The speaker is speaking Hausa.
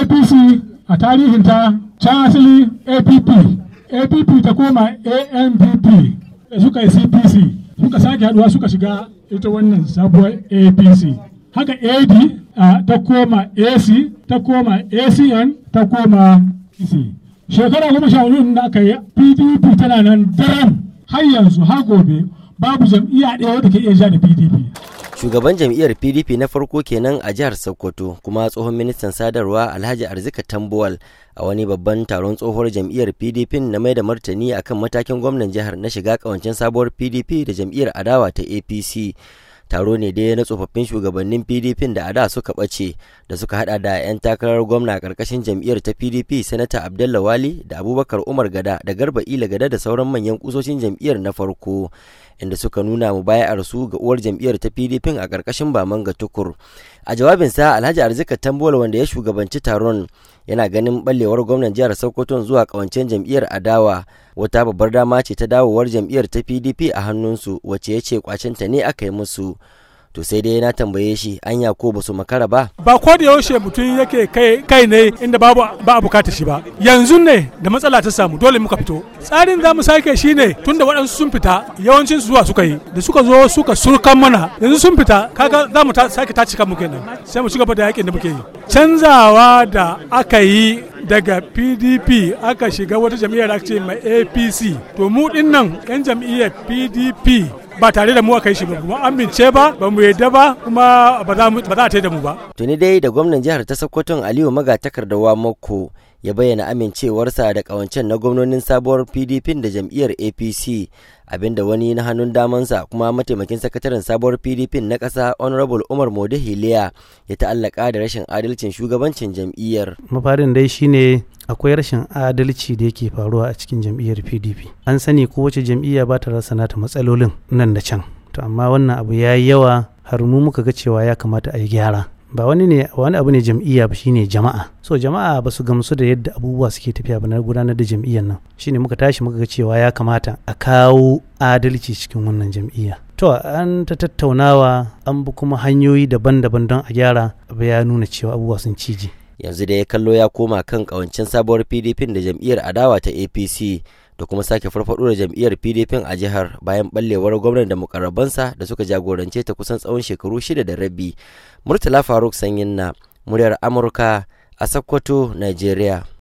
apc a tarihinta ta asali app app ta koma anpp suka yi cpc suka sake haduwa suka shiga ita wannan sabuwar apc haka ad ta koma ac ta koma acn ta koma PC shekara goma sha hudu da aka yi pdp tana nan daram har yanzu har gobe babu jam'iyya ɗaya wadda ke iya da pdp shugaban jam'iyyar pdp na farko kenan a jihar sokoto kuma tsohon ministan sadarwa alhaji arzika tambuwal a wani babban taron tsohuwar jam'iyyar pdp na mai da martani akan matakin gwamnan jihar na shiga kawancin sabuwar pdp da jam'iyyar adawa ta apc taro ne dai na tsofaffin shugabannin pdp da a da suka ɓace da suka hada da 'yan takarar gwamna karkashin jam'iyyar ta pdp sanata Abdullawali wali da abubakar umar gada da garba ila gada da sauran manyan kusoshin jam'iyyar na farko inda suka nuna mu baya su ga uwar jam'iyyar ta pdp a karkashin baman ga tukur a jawabinsa alhaji arzika tambola wanda ya shugabanci taron yana ganin ballewar gwamnan jihar sokoton zuwa kawancen jam'iyyar adawa wata babbar dama ce ta dawowar jam'iyyar ta pdp a hannunsu wacce ya ce kwacenta ne aka yi musu to sai dai na tambaye shi anya ko basu makara ba ba ko da yaushe mutum yake kai kai ne inda babu ba a bukata shi ba yanzu ne da matsala ta samu dole muka fito tsarin zamu sake shi ne tunda waɗansu sun fita yawancin su zuwa suka yi da suka zo suka surkan mana yanzu sun fita kaga za mu sake tace mu kenan sai mu ci ba da yakin da muke yi canzawa da aka yi daga pdp aka shiga wata jam'iyyar ake mai apc to mu dinnan yan jam'iyyar pdp ba tare da mu aka yi shi ba kuma amince ba ba mu yadda ba kuma ba za a da mu ba. Tuni dai da gwamnan jihar ta Sokoton Aliyu Maga takardawa Mako ya bayyana amincewarsa da kawancen na gwamnonin sabuwar PDP da jam'iyyar APC abinda wani na hannun damansa kuma mataimakin sakataren sabuwar PDP na ƙasa Honorable Umar modi Hiliya ya ta'allaka da rashin adalcin shugabancin jam'iyyar. Mafarin dai shine akwai rashin adalci da yake faruwa a cikin jam'iyyar pdp an sani kowace jam'iyya ba ta rasa nata matsalolin nan da can to amma wannan abu ya yi yawa har mu muka ga cewa ya kamata a yi gyara ba wani ne wani abu ne jam'iyya ba shine jama'a so jama'a ba su gamsu da yadda abubuwa suke tafiya ba na gudanar da jam'iyyar nan shine muka tashi muka ga cewa ya kamata a kawo adalci cikin wannan jam'iyya to an ta tattaunawa an bi kuma hanyoyi daban-daban don a gyara abu ya nuna cewa abubuwa sun cije yanzu da ya kallo ya koma kan kawancin sabuwar pdp da jam'iyyar adawa ta apc da kuma sake farfaɗo da jam'iyyar pdp a jihar bayan ɓallewar gwamnan da mukarrabansa da suka jagorance ta kusan tsawon shekaru shida da rabi murtala faruk sanyin na muryar amurka a sokoto nigeria